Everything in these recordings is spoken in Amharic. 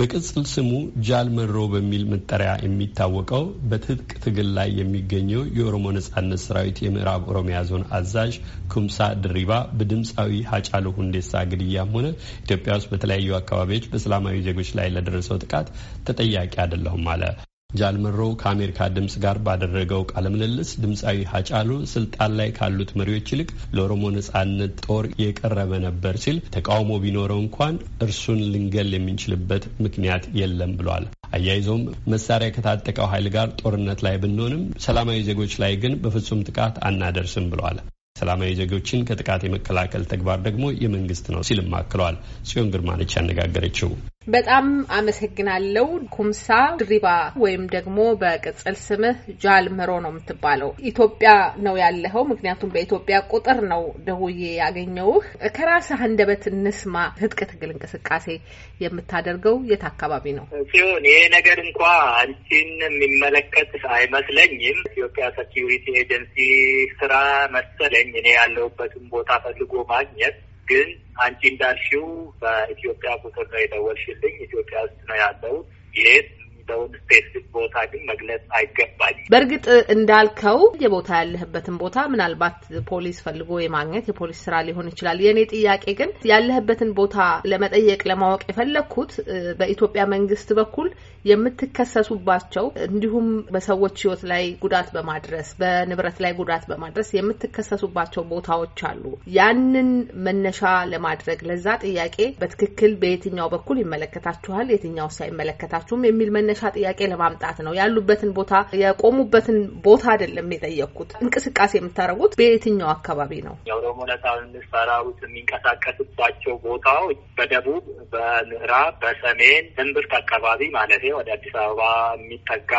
በቅጽል ስሙ ጃል መሮ በሚል መጠሪያ የሚታወቀው በትጥቅ ትግል ላይ የሚገኘው የኦሮሞ ነጻነት ሰራዊት የምዕራብ ኦሮሚያ ዞን አዛዥ ኩምሳ ድሪባ በድምፃዊ ሀጫሉ ሁንዴሳ ግድያም ሆነ ኢትዮጵያ ውስጥ በተለያዩ አካባቢዎች በሰላማዊ ዜጎች ላይ ለደረሰው ጥቃት ተጠያቂ አይደለሁም አለ። ጃልመሮ ከአሜሪካ ድምፅ ጋር ባደረገው ቃለ ምልልስ ድምፃዊ ሀጫሉ ስልጣን ላይ ካሉት መሪዎች ይልቅ ለኦሮሞ ነጻነት ጦር የቀረበ ነበር ሲል ተቃውሞ ቢኖረው እንኳን እርሱን ልንገል የምንችልበት ምክንያት የለም ብሏል። አያይዘውም መሳሪያ ከታጠቀው ኃይል ጋር ጦርነት ላይ ብንሆንም ሰላማዊ ዜጎች ላይ ግን በፍጹም ጥቃት አናደርስም ብሏል። ሰላማዊ ዜጎችን ከጥቃት የመከላከል ተግባር ደግሞ የመንግስት ነው ሲልም አክሏል። ጽዮን ግርማ ነች ያነጋገረችው። በጣም አመሰግናለው። ኩምሳ ድሪባ ወይም ደግሞ በቅጽል ስምህ ጃል መሮ ነው የምትባለው። ኢትዮጵያ ነው ያለኸው? ምክንያቱም በኢትዮጵያ ቁጥር ነው ደውዬ ያገኘውህ። ከራስህ አንደበት እንስማ። ትጥቅ ትግል እንቅስቃሴ የምታደርገው የት አካባቢ ነው ሲሆን ይሄ ነገር እንኳ አንቺን የሚመለከት አይመስለኝም። ኢትዮጵያ ሴኪሪቲ ኤጀንሲ ስራ መሰለኝ እኔ ያለሁበትን ቦታ ፈልጎ ማግኘት ግን አንቺ እንዳልሽው በኢትዮጵያ ቁጥር ነው የደወልሽልኝ። ኢትዮጵያ ውስጥ ነው ያለው። የት የሚወስደውን ስፔሲፊክ ቦታ ግን መግለጽ አይገባል። በእርግጥ እንዳልከው የቦታ ያለህበትን ቦታ ምናልባት ፖሊስ ፈልጎ የማግኘት የፖሊስ ስራ ሊሆን ይችላል። የእኔ ጥያቄ ግን ያለህበትን ቦታ ለመጠየቅ ለማወቅ የፈለግኩት በኢትዮጵያ መንግስት በኩል የምትከሰሱባቸው እንዲሁም በሰዎች ህይወት ላይ ጉዳት በማድረስ በንብረት ላይ ጉዳት በማድረስ የምትከሰሱባቸው ቦታዎች አሉ። ያንን መነሻ ለማድረግ ለዛ ጥያቄ በትክክል በየትኛው በኩል ይመለከታችኋል፣ የትኛው ሳይመለከታችሁም የሚል መነ መነሻ ጥያቄ ለማምጣት ነው። ያሉበትን ቦታ የቆሙበትን ቦታ አይደለም የጠየቅኩት። እንቅስቃሴ የምታደርጉት በየትኛው አካባቢ ነው? የኦሮሞ ነጻነት ሰራዊት የሚንቀሳቀስባቸው ቦታዎች በደቡብ፣ በምዕራብ፣ በሰሜን እምብርት አካባቢ ማለት ወደ አዲስ አበባ የሚጠጋ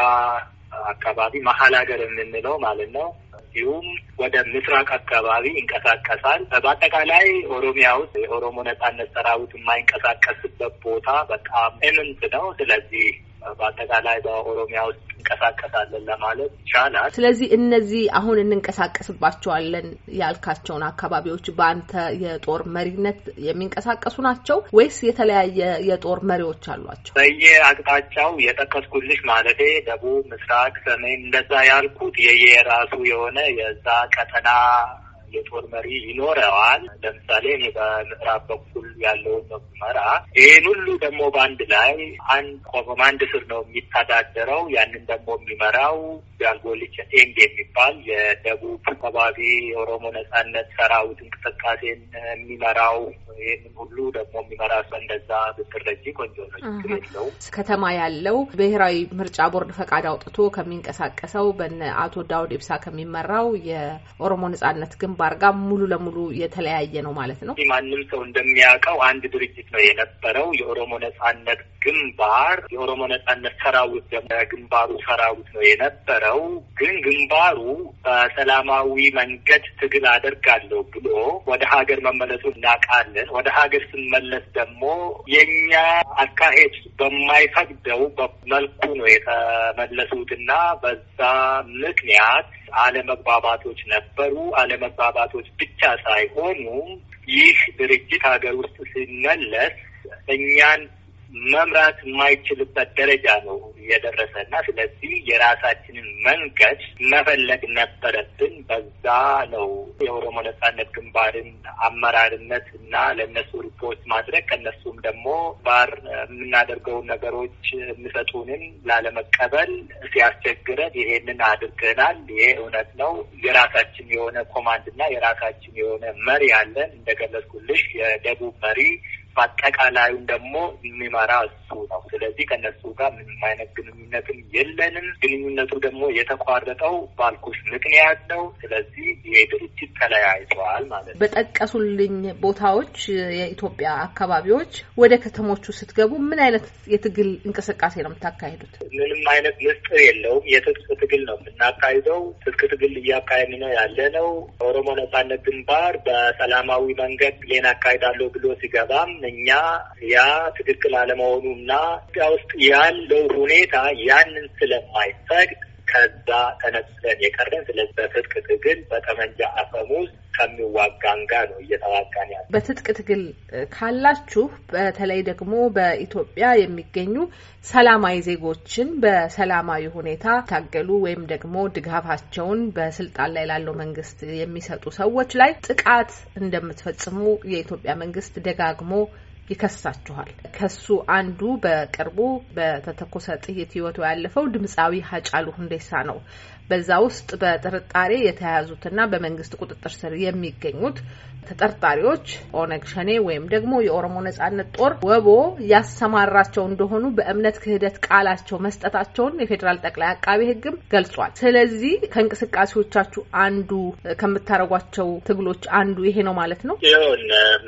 አካባቢ መሀል ሀገር የምንለው ማለት ነው። እንዲሁም ወደ ምስራቅ አካባቢ ይንቀሳቀሳል። በአጠቃላይ ኦሮሚያ ውስጥ የኦሮሞ ነጻነት ሰራዊት የማይንቀሳቀስበት ቦታ በጣም እምንት ነው። ስለዚህ በአጠቃላይ በኦሮሚያ ውስጥ እንቀሳቀሳለን ለማለት ይቻላል። ስለዚህ እነዚህ አሁን እንንቀሳቀስባቸዋለን ያልካቸውን አካባቢዎች በአንተ የጦር መሪነት የሚንቀሳቀሱ ናቸው ወይስ የተለያየ የጦር መሪዎች አሏቸው? በየ በየአቅጣጫው የጠቀስኩልሽ ማለቴ ደቡብ፣ ምስራቅ፣ ሰሜን እንደዛ ያልኩት የየራሱ የሆነ የዛ ቀጠና የጦር መሪ ይኖረዋል። ለምሳሌ እኔ በምዕራብ በኩል ያለውን ነው ይህን ሁሉ ደግሞ በአንድ ላይ አንድ ኮማንድ ስር ነው የሚተዳደረው። ያንን ደግሞ የሚመራው ጃልጎልች ኤንግ የሚባል የደቡብ አካባቢ የኦሮሞ ነጻነት ሰራዊት እንቅስቃሴን የሚመራው ይህንን ሁሉ ደግሞ የሚመራ ሰው እንደዛ ብትረጂ ቆንጆ ነው። ከተማ ያለው ብሔራዊ ምርጫ ቦርድ ፈቃድ አውጥቶ ከሚንቀሳቀሰው በነ አቶ ዳውድ ኢብሳ ከሚመራው የኦሮሞ ነጻነት ግንባር ተግባር ጋር ሙሉ ለሙሉ የተለያየ ነው ማለት ነው። ማንም ሰው እንደሚያውቀው አንድ ድርጅት ነው የነበረው የኦሮሞ ነጻነት ግንባር የኦሮሞ ነጻነት ሰራዊት ግንባሩ ሰራዊት ነው የነበረው። ግን ግንባሩ በሰላማዊ መንገድ ትግል አደርጋለሁ ብሎ ወደ ሀገር መመለሱ እናውቃለን። ወደ ሀገር ስንመለስ ደግሞ የኛ አካሄድ በማይፈቅደው መልኩ ነው የተመለሱትና በዛ ምክንያት አለመግባባቶች ነበሩ። አለመግባባቶች ብቻ ሳይሆኑ ይህ ድርጅት ሀገር ውስጥ ሲመለስ እኛን መምራት የማይችልበት ደረጃ ነው የደረሰ እና ስለዚህ የራሳችንን መንገድ መፈለግ ነበረብን። በዛ ነው የኦሮሞ ነጻነት ግንባርን አመራርነት እና ለእነሱ ሪፖርት ማድረግ ከእነሱም ደግሞ ባር የምናደርገውን ነገሮች የሚሰጡንን ላለመቀበል ሲያስቸግረን ይሄንን አድርገናል። ይሄ እውነት ነው። የራሳችን የሆነ ኮማንድ እና የራሳችን የሆነ መሪ አለን። እንደገለጽኩልሽ የደቡብ መሪ በአጠቃላዩም ደግሞ የሚመራ እሱ ነው። ስለዚህ ከነሱ ጋር ምንም አይነት ግንኙነትም የለንም። ግንኙነቱ ደግሞ የተቋረጠው ባልኩሽ ምክንያት ነው። ስለዚህ ይሄ ድርጅት ተለያይተዋል ማለት ነው። በጠቀሱልኝ ቦታዎች የኢትዮጵያ አካባቢዎች ወደ ከተሞቹ ስትገቡ ምን አይነት የትግል እንቅስቃሴ ነው የምታካሂዱት? ምንም አይነት ምስጢር የለውም። የትጥቅ ትግል ነው የምናካሂደው። ትጥቅ ትግል እያካሄድ ነው ያለ ነው። ኦሮሞ ነጻነት ግንባር በሰላማዊ መንገድ ሌን አካሂዳለሁ ብሎ ሲገባም እኛ ያ ትክክል አለመሆኑና ኢትዮጵያ ውስጥ ያለው ሁኔታ ያንን ስለማይፈቅድ ከዛ ተነስለን የቀረን ስለዚህ በትጥቅ ትግል በጠመንጃ አፈሙዝ ከሚዋጋን ጋር ነው እየተዋጋን ያለ። በትጥቅ ትግል ካላችሁ በተለይ ደግሞ በኢትዮጵያ የሚገኙ ሰላማዊ ዜጎችን በሰላማዊ ሁኔታ ታገሉ ወይም ደግሞ ድጋፋቸውን በስልጣን ላይ ላለው መንግስት የሚሰጡ ሰዎች ላይ ጥቃት እንደምትፈጽሙ የኢትዮጵያ መንግስት ደጋግሞ ይከሳችኋል። ከሱ አንዱ በቅርቡ በተተኮሰ ጥይት ህይወቱ ያለፈው ድምፃዊ ሀጫሉ ሁንዴሳ ነው። በዛ ውስጥ በጥርጣሬ የተያያዙትና በመንግስት ቁጥጥር ስር የሚገኙት ተጠርጣሪዎች ኦነግ ሸኔ ወይም ደግሞ የኦሮሞ ነጻነት ጦር ወቦ ያሰማራቸው እንደሆኑ በእምነት ክህደት ቃላቸው መስጠታቸውን የፌዴራል ጠቅላይ አቃቤ ሕግም ገልጿል። ስለዚህ ከእንቅስቃሴዎቻችሁ አንዱ ከምታደርጓቸው ትግሎች አንዱ ይሄ ነው ማለት ነው። ይሁን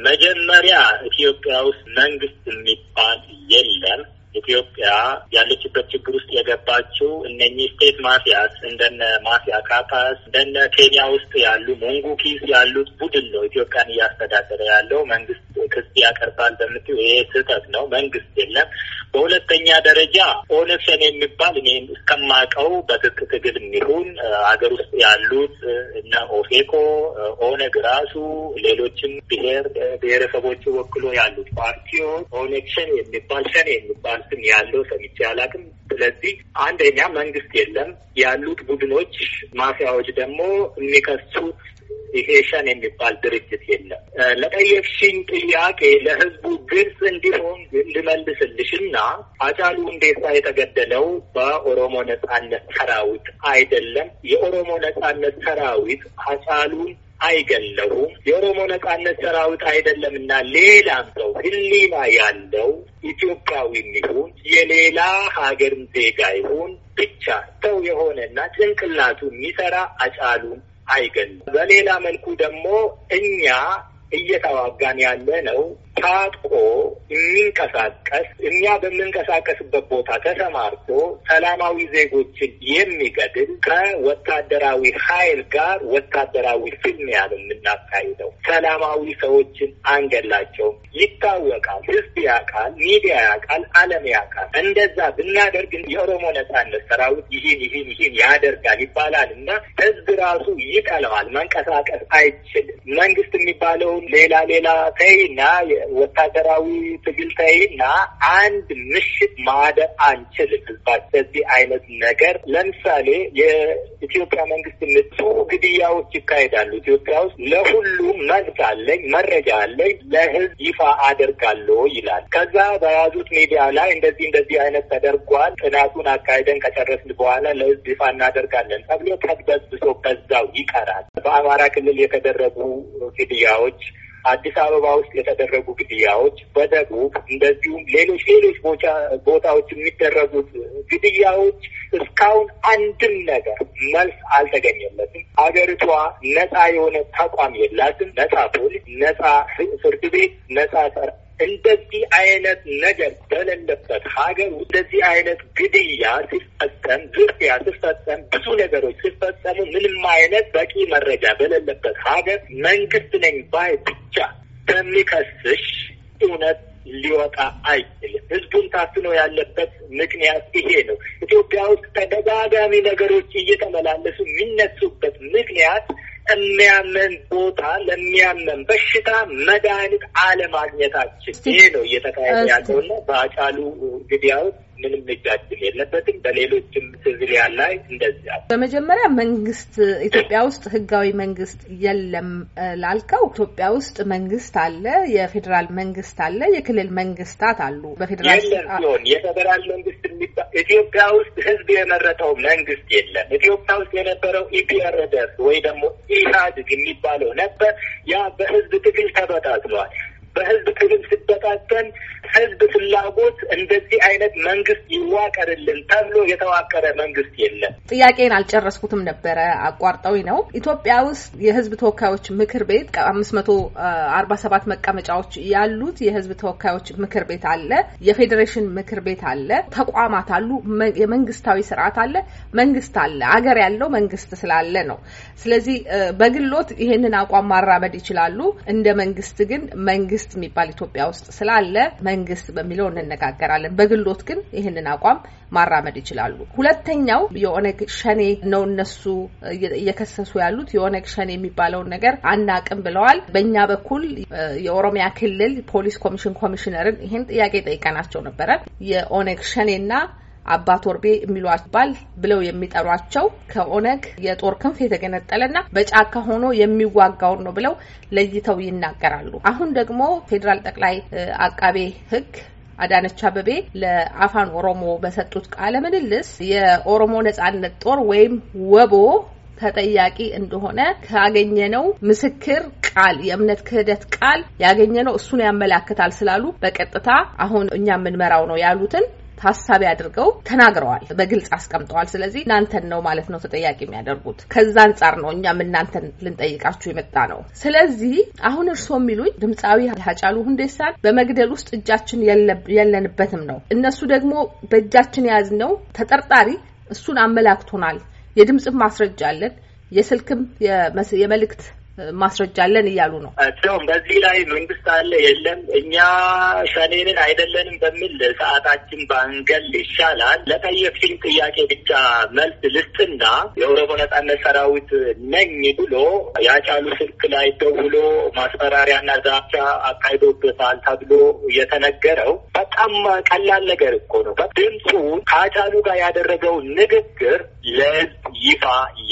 መጀመሪያ ኢትዮጵያ ውስጥ መንግስት የሚባል የለም። ኢትዮጵያ ያለችበት ችግር ውስጥ የገባችው እነኚህ ስቴት ማፊያስ እንደነ ማፊያ ካፓስ እንደነ ኬንያ ውስጥ ያሉ ሞንጉኪስ ያሉት ቡድን ነው ኢትዮጵያን እያስተዳደረ ያለው። መንግስት ክስ ያቀርባል በምትይው ይሄ ስህተት ነው። መንግስት የለም። በሁለተኛ ደረጃ ኦነግ ሸኔ የሚባል እኔ እስከማውቀው በትጥቅ ትግል የሚሆን አገር ውስጥ ያሉት እነ ኦፌኮ፣ ኦነግ ራሱ ሌሎችም ብሄር ብሄረሰቦች ወክሎ ያሉት ፓርቲዎች ኦነግ ሸኔ የሚባል ሸኔ የሚባል የሚባል ስም ያለው ሰምቼ አላውቅም። ስለዚህ አንደኛ መንግስት የለም ያሉት ቡድኖች ማፊያዎች ደግሞ የሚከሱ ይሄ የሚባል ድርጅት የለም። ለጠየቅሽኝ ጥያቄ ለህዝቡ ግልጽ እንዲሆን ግን ልመልስልሽና አጫሉ ሁንዴሳ የተገደለው በኦሮሞ ነጻነት ሰራዊት አይደለም። የኦሮሞ ነጻነት ሰራዊት አጫሉን አይገለውም። የኦሮሞ ነጻነት ሰራዊት አይደለምና ሌላም ሰው ህሊና ያለው ኢትዮጵያዊም ይሁን የሌላ ሀገርም ዜጋ ይሁን ብቻ ሰው የሆነና ጭንቅላቱ የሚሰራ አጫሉም አይገሉም። በሌላ መልኩ ደግሞ እኛ እየተዋጋን ያለ ነው ታጥቆ የሚንቀሳቀስ እኛ በምንቀሳቀስበት ቦታ ተሰማርቶ ሰላማዊ ዜጎችን የሚገድል ከወታደራዊ ኃይል ጋር ወታደራዊ ፍልሚያ ነው የምናካሂደው። ሰላማዊ ሰዎችን አንገላቸው ይታወቃል፣ ህዝብ ያውቃል፣ ሚዲያ ያውቃል፣ ዓለም ያውቃል። እንደዛ ብናደርግ የኦሮሞ ነጻነት ሰራዊት ይህን ይህን ይህን ያደርጋል ይባላል እና ህዝብ ራሱ ይጠለዋል፣ መንቀሳቀስ አይችልም። መንግስት የሚባለውን ሌላ ሌላ ተይና ወታደራዊ ትግል ተይና አንድ ምሽት ማደር አንችል ህዝባችን በዚህ አይነት ነገር ለምሳሌ የኢትዮጵያ መንግስት ንጹ ግድያዎች ይካሄዳሉ ኢትዮጵያ ውስጥ። ለሁሉም መልስ አለኝ መረጃ አለኝ ለህዝብ ይፋ አደርጋለሁ ይላል። ከዛ በያዙት ሚዲያ ላይ እንደዚህ እንደዚህ አይነት ተደርጓል፣ ጥናቱን አካሄደን ከጨረስን በኋላ ለህዝብ ይፋ እናደርጋለን ተብሎ ተግበዝብሶ በዛው ይቀራል። በአማራ ክልል የተደረጉ ግድያዎች አዲስ አበባ ውስጥ የተደረጉ ግድያዎች፣ በደቡብ እንደዚሁም ሌሎች ሌሎች ቦታዎች የሚደረጉት ግድያዎች እስካሁን አንድም ነገር መልስ አልተገኘለትም። ሀገሪቷ ነፃ የሆነ ተቋም የላትም። ነፃ ፖሊስ፣ ነፃ ፍርድ ቤት፣ ነፃ እንደዚህ አይነት ነገር በሌለበት ሀገር እንደዚህ አይነት ግድያ ሲፈጸም፣ ዝርፊያ ሲፈጸም፣ ብዙ ነገሮች ሲፈጸሙ ምንም አይነት በቂ መረጃ በሌለበት ሀገር መንግስት ነኝ ባይ ብቻ በሚከስሽ እውነት ሊወጣ አይችልም። ህዝቡን ታፍኖ ያለበት ምክንያት ይሄ ነው። ኢትዮጵያ ውስጥ ተደጋጋሚ ነገሮች እየተመላለሱ የሚነሱበት ምክንያት ለሚያመን ቦታ ለሚያመን በሽታ መድኃኒት አለማግኘታችን ይሄ ነው እየተካሄደ ያለውና በአጫሉ ግዲያውስ ምንም እጃችን የለበትም። በሌሎችም ሲቪሊያን ላይ እንደዚያ። በመጀመሪያ መንግስት ኢትዮጵያ ውስጥ ህጋዊ መንግስት የለም ላልከው ኢትዮጵያ ውስጥ መንግስት አለ፣ የፌዴራል መንግስት አለ፣ የክልል መንግስታት አሉ። በፌዴራል ሲሆን የፌዴራል መንግስት ኢትዮጵያ ውስጥ ህዝብ የመረጠው መንግስት የለም። ኢትዮጵያ ውስጥ የነበረው ኢፒአርደፍ ወይ ደግሞ ኢህአዴግ የሚባለው ነበር። ያ በህዝብ ትግል ተበታትሏል። በህዝብ ትግል ሲበታተን ህዝብ ፍላጎት እንደዚህ አይነት መንግስት ይዋቀርልን ተብሎ የተዋቀረ መንግስት የለም። ጥያቄን አልጨረስኩትም ነበረ አቋርጠዊ ነው። ኢትዮጵያ ውስጥ የህዝብ ተወካዮች ምክር ቤት አምስት መቶ አርባ ሰባት መቀመጫዎች ያሉት የህዝብ ተወካዮች ምክር ቤት አለ። የፌዴሬሽን ምክር ቤት አለ። ተቋማት አሉ። የመንግስታዊ ስርዓት አለ። መንግስት አለ። አገር ያለው መንግስት ስላለ ነው። ስለዚህ በግሎት ይሄንን አቋም ማራመድ ይችላሉ። እንደ መንግስት ግን መንግስት መንግስት የሚባል ኢትዮጵያ ውስጥ ስላለ መንግስት በሚለው እንነጋገራለን። በግሎት ግን ይህንን አቋም ማራመድ ይችላሉ። ሁለተኛው የኦነግ ሸኔ ነው። እነሱ እየከሰሱ ያሉት የኦነግ ሸኔ የሚባለውን ነገር አናቅም ብለዋል። በእኛ በኩል የኦሮሚያ ክልል ፖሊስ ኮሚሽን ኮሚሽነርን ይህን ጥያቄ ጠይቀናቸው ነበረ የኦነግ ሸኔና አባ ቶርቤ የሚሏቸው ባል ብለው የሚጠሯቸው ከኦነግ የጦር ክንፍ የተገነጠለና በጫካ ሆኖ የሚዋጋውን ነው ብለው ለይተው ይናገራሉ። አሁን ደግሞ ፌዴራል ጠቅላይ አቃቤ ሕግ አዳነች አበቤ ለአፋን ኦሮሞ በሰጡት ቃለ ምልልስ የኦሮሞ ነጻነት ጦር ወይም ወቦ ተጠያቂ እንደሆነ ካገኘነው ምስክር ቃል የእምነት ክህደት ቃል ያገኘነው እሱን ያመላክታል ስላሉ በቀጥታ አሁን እኛ የምንመራው ነው ያሉትን ታሳቢ አድርገው ተናግረዋል፣ በግልጽ አስቀምጠዋል። ስለዚህ እናንተን ነው ማለት ነው ተጠያቂ የሚያደርጉት። ከዛ አንጻር ነው እኛም እናንተን ልንጠይቃችሁ የመጣ ነው። ስለዚህ አሁን እርስዎ የሚሉኝ ድምፃዊ ሀጫሉ ሁንዴሳን በመግደል ውስጥ እጃችን የለንበትም ነው። እነሱ ደግሞ በእጃችን የያዝነው ተጠርጣሪ እሱን አመላክቶናል፣ የድምፅም ማስረጃ አለን፣ የስልክም የመልእክት ማስረጃ አለን እያሉ ነው። ሰውም በዚህ ላይ መንግስት አለ የለም እኛ ሰኔንን አይደለንም በሚል ሰዓታችን ባንገል ይሻላል። ለጠየቅሽኝ ጥያቄ ብቻ መልስ ልስጥና የኦሮሞ ነጻነት ሰራዊት ነኝ ብሎ ያጫሉ ስልክ ላይ ደውሎ ማስፈራሪያና ዛቻ አካሂዶበታል ተብሎ የተነገረው በጣም ቀላል ነገር እኮ ነው። ድምፁ ከአጫሉ ጋር ያደረገው ንግግር ለህዝብ ይፋ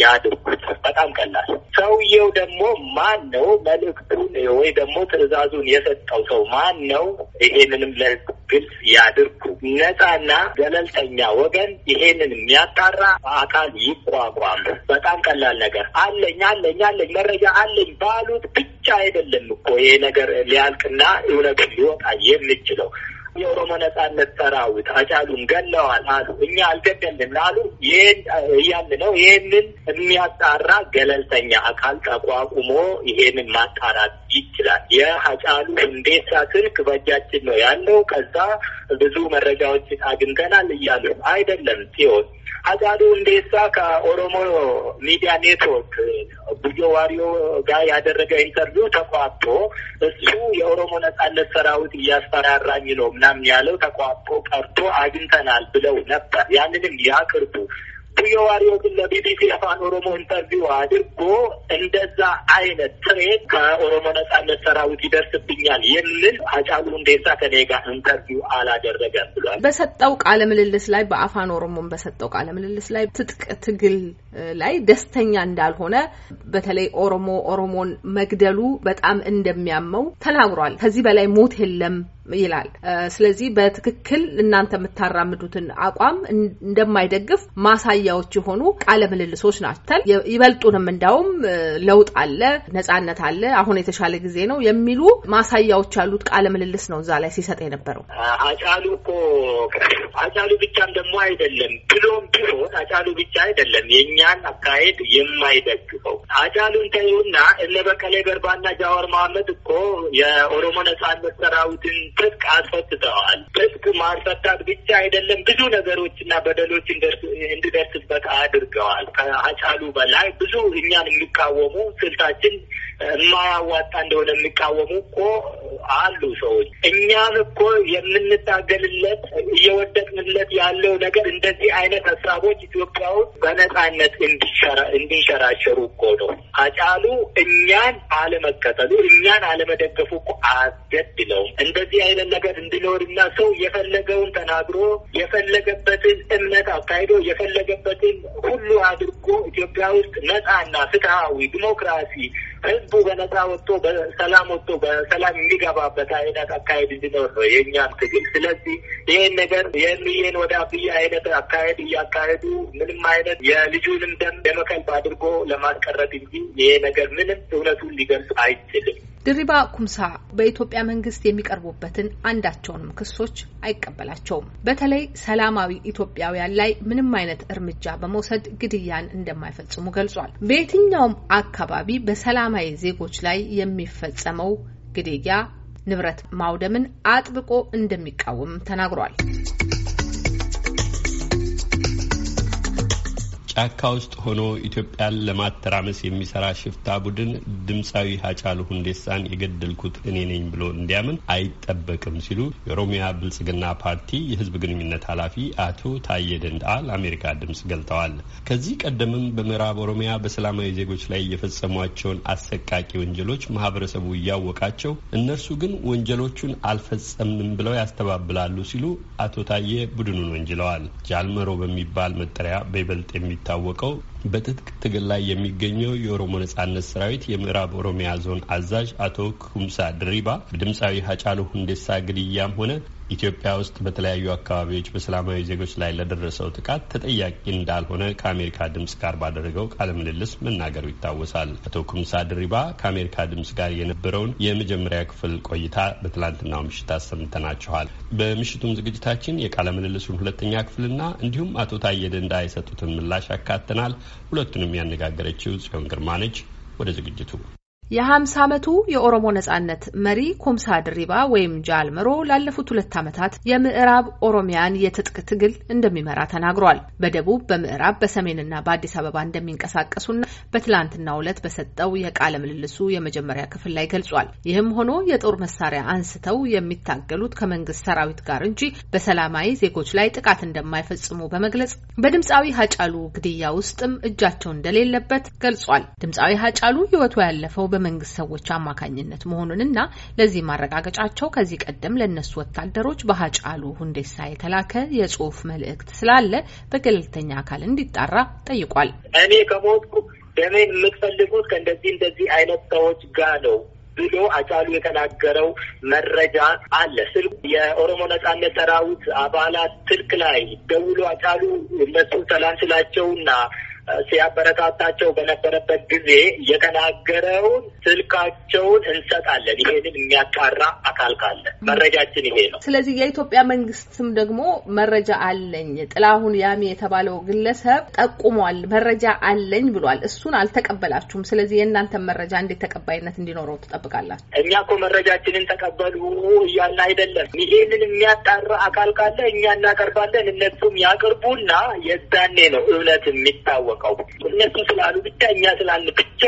ያድርጉት። በጣም ቀላል ሰውየው ደግሞ ማን ነው መልእክቱን ወይ ደግሞ ትዕዛዙን የሰጠው ሰው ማን ነው? ይሄንንም ለግልጽ ያድርጉ። ነፃና ገለልተኛ ወገን ይሄንን የሚያጣራ በአካል ይቋቋም። በጣም ቀላል ነገር አለኝ አለኝ አለኝ መረጃ አለኝ ባሉት ብቻ አይደለም እኮ ይሄ ነገር ሊያልቅና እውነቱን ሊወጣ የሚችለው የኦሮሞ ነጻነት ሰራዊት አጫሉን ገለዋል አሉ። እኛ አልገደልም ላሉ ይህን እያል ነው። ይህንን የሚያጣራ ገለልተኛ አካል ተቋቁሞ ይሄንን ማጣራት ይችላል። የአጫሉ እንዴሳ ስልክ በእጃችን ነው ያለው። ከዛ ብዙ መረጃዎችን አግኝተናል እያሉ አይደለም ሲሆን አጋዱ እንዴሳ ከኦሮሞ ሚዲያ ኔትወርክ ቡጆ ዋሪዮ ጋር ያደረገ ኢንተርቪው ተቋጦ እሱ የኦሮሞ ነጻነት ሰራዊት እያስፈራራኝ ነው ምናምን ያለው ተቋጦ ቀርቶ አግኝተናል ብለው ነበር። ያንንም ያቅርቡ ቡዮ ዋሪዮ ግን ለቢቢሲ አፋን ኦሮሞ ኢንተርቪው አድርጎ እንደዛ አይነት ትሬት ከኦሮሞ ነጻነት ሰራዊት ይደርስብኛል የሚል አጫሉ ሁንዴሳ ከኔ ጋር ኢንተርቪው አላደረገም ብሏል። በሰጠው ቃለ ምልልስ ላይ በአፋን ኦሮሞን በሰጠው ቃለ ምልልስ ላይ ትጥቅ ትግል ላይ ደስተኛ እንዳልሆነ በተለይ ኦሮሞ ኦሮሞን መግደሉ በጣም እንደሚያመው ተናግሯል። ከዚህ በላይ ሞት የለም ይላል። ስለዚህ በትክክል እናንተ የምታራምዱትን አቋም እንደማይደግፍ ማሳያዎች የሆኑ ቃለ ምልልሶች ናቸው። ይበልጡንም እንዳውም ለውጥ አለ፣ ነጻነት አለ፣ አሁን የተሻለ ጊዜ ነው የሚሉ ማሳያዎች ያሉት ቃለ ምልልስ ነው እዛ ላይ ሲሰጥ የነበረው። አጫሉ እኮ አጫሉ ብቻም ደግሞ አይደለም ብሎም ቢሆን አጫሉ ብቻ አይደለም የእኛን አካሄድ የማይደግፈው አጫሉ ተይውና እነ በቀለ ገርባና ጃዋር መሀመድ እኮ የኦሮሞ ነጻነት ሰራዊትን ትጥቅ አስፈትተዋል። ትጥቅ ማስፈታት ብቻ አይደለም ብዙ እና በደሎች እንድደርስበት አድርገዋል። ከአጫሉ በላይ ብዙ እኛን የሚቃወሙ ስልታችን የማያዋጣ እንደሆነ የሚቃወሙ እኮ አሉ ሰዎች። እኛም እኮ የምንታገልለት እየወደቅንለት ያለው ነገር እንደዚህ አይነት ሀሳቦች ኢትዮጵያ ውስጥ በነፃነት እንዲንሸራሸሩ እኮ ነው። አጫሉ እኛን አለመከተሉ እኛን አለመደገፉ እኮ አስገድለውም። እንደዚህ አይነት ነገር እንዲኖርና ሰው የፈለገውን ተናግሮ የፈለገበትን እምነት አካሂዶ የፈለገበትን ሁሉ አድርጎ ኢትዮጵያ ውስጥ ነፃና ፍትሐዊ ዲሞክራሲ ህዝቡ በነፃ ወጥቶ በሰላም ወጥቶ በሰላም የሚገባበት አይነት አካሄድ እንዲኖር ነው የእኛም ትግል። ስለዚህ ይህን ነገር የህልዬን ወደ አብይ አይነት አካሄድ እያካሄዱ ምንም አይነት የልጁንም ደም የመከልብ አድርጎ ለማስቀረት እንጂ ይሄ ነገር ምንም እውነቱን ሊገልጽ አይችልም። ድሪባ ኩምሳ በኢትዮጵያ መንግስት የሚቀርቡበትን አንዳቸውንም ክሶች አይቀበላቸውም። በተለይ ሰላማዊ ኢትዮጵያውያን ላይ ምንም አይነት እርምጃ በመውሰድ ግድያን እንደማይፈጽሙ ገልጿል። በየትኛውም አካባቢ በሰላም ሰላማዊ ዜጎች ላይ የሚፈጸመው ግድያ፣ ንብረት ማውደምን አጥብቆ እንደሚቃወም ተናግሯል። ጫካ ውስጥ ሆኖ ኢትዮጵያን ለማተራመስ የሚሰራ ሽፍታ ቡድን ድምፃዊ ሀጫሉ ሁንዴሳን የገደልኩት እኔ ነኝ ብሎ እንዲያምን አይጠበቅም ሲሉ የኦሮሚያ ብልጽግና ፓርቲ የህዝብ ግንኙነት ኃላፊ አቶ ታዬ ደንደአ ለአሜሪካ ድምጽ ገልጠዋል። ከዚህ ቀደምም በምዕራብ ኦሮሚያ በሰላማዊ ዜጎች ላይ የፈጸሟቸውን አሰቃቂ ወንጀሎች ማህበረሰቡ እያወቃቸው እነርሱ ግን ወንጀሎቹን አልፈጸምንም ብለው ያስተባብላሉ ሲሉ አቶ ታዬ ቡድኑን ወንጅለዋል። ጃልመሮ በሚባል መጠሪያ በይበልጥ የሚ የሚታወቀው በትጥቅ ትግል ላይ የሚገኘው የኦሮሞ ነጻነት ሰራዊት የምዕራብ ኦሮሚያ ዞን አዛዥ አቶ ኩምሳ ድሪባ ድምፃዊ ሀጫሉ ሁንዴሳ ግድያም ሆነ ኢትዮጵያ ውስጥ በተለያዩ አካባቢዎች በሰላማዊ ዜጎች ላይ ለደረሰው ጥቃት ተጠያቂ እንዳልሆነ ከአሜሪካ ድምጽ ጋር ባደረገው ቃለ ምልልስ መናገሩ ይታወሳል። አቶ ኩምሳ ድሪባ ከአሜሪካ ድምጽ ጋር የነበረውን የመጀመሪያ ክፍል ቆይታ በትላንትናው ምሽት አሰምተናችኋል። በምሽቱም ዝግጅታችን የቃለ ምልልሱን ሁለተኛ ክፍልና እንዲሁም አቶ ታየ ደንደዓ የሰጡትን ምላሽ ያካተናል ሁለቱንም ያነጋገረችው ጽዮን ግርማ ነች። ወደ ዝግጅቱ የ50 ዓመቱ የኦሮሞ ነጻነት መሪ ኩምሳ ድሪባ ወይም ጃል ላለፉት ሁለት ዓመታት የምዕራብ ኦሮሚያን የትጥቅ ትግል እንደሚመራ ተናግሯል። በደቡብ በምዕራብ በሰሜንና በአዲስ አበባ እንደሚንቀሳቀሱና በትላንትናው ዕለት በሰጠው የቃለ ምልልሱ የመጀመሪያ ክፍል ላይ ገልጿል። ይህም ሆኖ የጦር መሳሪያ አንስተው የሚታገሉት ከመንግስት ሰራዊት ጋር እንጂ በሰላማዊ ዜጎች ላይ ጥቃት እንደማይፈጽሙ በመግለጽ በድምፃዊ ሀጫሉ ግድያ ውስጥም እጃቸው እንደሌለበት ገልጿል። ድምፃዊ ሀጫሉ ህይወቱ ያለፈው በመንግስት ሰዎች አማካኝነት መሆኑንና ለዚህ ማረጋገጫቸው ከዚህ ቀደም ለእነሱ ወታደሮች በሀጫሉ ሁንዴሳ የተላከ የጽሁፍ መልእክት ስላለ በገለልተኛ አካል እንዲጣራ ጠይቋል። እኔ ከሞትኩ ደሜን የምትፈልጉት ከእንደዚህ እንደዚህ አይነት ሰዎች ጋር ነው ብሎ አጫሉ የተናገረው መረጃ አለ። ስልኩ የኦሮሞ ነጻነት ሰራዊት አባላት ስልክ ላይ ደውሎ አጫሉ እነሱ ተላንስላቸውና ሲያበረታታቸው በነበረበት ጊዜ የተናገረውን ስልካቸውን እንሰጣለን፣ ይሄንን የሚያጣራ አካል ካለ መረጃችን ይሄ ነው። ስለዚህ የኢትዮጵያ መንግስትም ደግሞ መረጃ አለኝ ጥላሁን ያሚ የተባለው ግለሰብ ጠቁሟል፣ መረጃ አለኝ ብሏል። እሱን አልተቀበላችሁም። ስለዚህ የእናንተን መረጃ እንዴት ተቀባይነት እንዲኖረው ትጠብቃላችሁ? እኛ እኮ መረጃችንን ተቀበሉ እያልን አይደለም። ይሄንን የሚያጣራ አካል ካለ እኛ እናቀርባለን፣ እነሱም ያቅርቡና የዛኔ ነው እውነት የሚታወቅ የሚታወቀው እነሱ ስላሉ ብቻ እኛ ስላለ ብቻ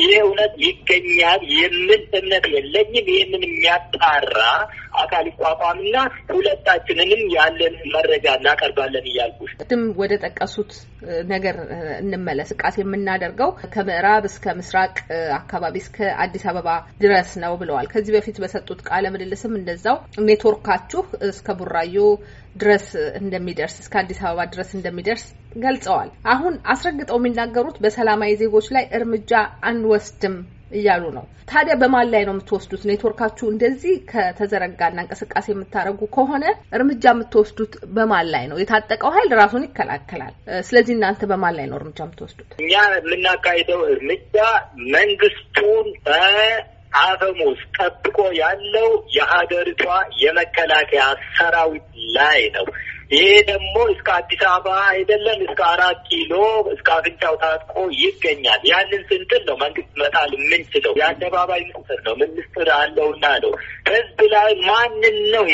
ይህ እውነት ይገኛል የምን እምነት የለኝም። ይህንን የሚያጣራ አካል ይቋቋምና ሁለታችንንም ያለን መረጃ እናቀርባለን እያልኩሽ ቅድም ወደ ጠቀሱት ነገር እንመለስ። እንቅስቃሴ የምናደርገው ከምዕራብ እስከ ምስራቅ አካባቢ እስከ አዲስ አበባ ድረስ ነው ብለዋል። ከዚህ በፊት በሰጡት ቃለ ምልልስም እንደዛው ኔትወርካችሁ እስከ ቡራዮ ድረስ እንደሚደርስ እስከ አዲስ አበባ ድረስ እንደሚደርስ ገልጸዋል። አሁን አስረግጠው የሚናገሩት በሰላማዊ ዜጎች ላይ እርምጃ አን አንወስድም እያሉ ነው። ታዲያ በማን ላይ ነው የምትወስዱት? ኔትወርካችሁ እንደዚህ ከተዘረጋና እንቅስቃሴ የምታደርጉ ከሆነ እርምጃ የምትወስዱት በማን ላይ ነው? የታጠቀው ኃይል ራሱን ይከላከላል። ስለዚህ እናንተ በማን ላይ ነው እርምጃ የምትወስዱት? እኛ የምናካሂደው እርምጃ መንግስቱን በአፈሙዝ ጠብቆ ያለው የሀገሪቷ የመከላከያ ሰራዊት ላይ ነው። ይሄ ደግሞ እስከ አዲስ አበባ አይደለም እስከ አራት ኪሎ እስከ አፍንጫው ታጥቆ ይገኛል። ያንን ስንጥል ነው መንግስት መጣል የምንችለው። የአደባባይ ምስጥር ነው ምንስጥር አለውና ነው ህዝብ ላይ ማንን ነው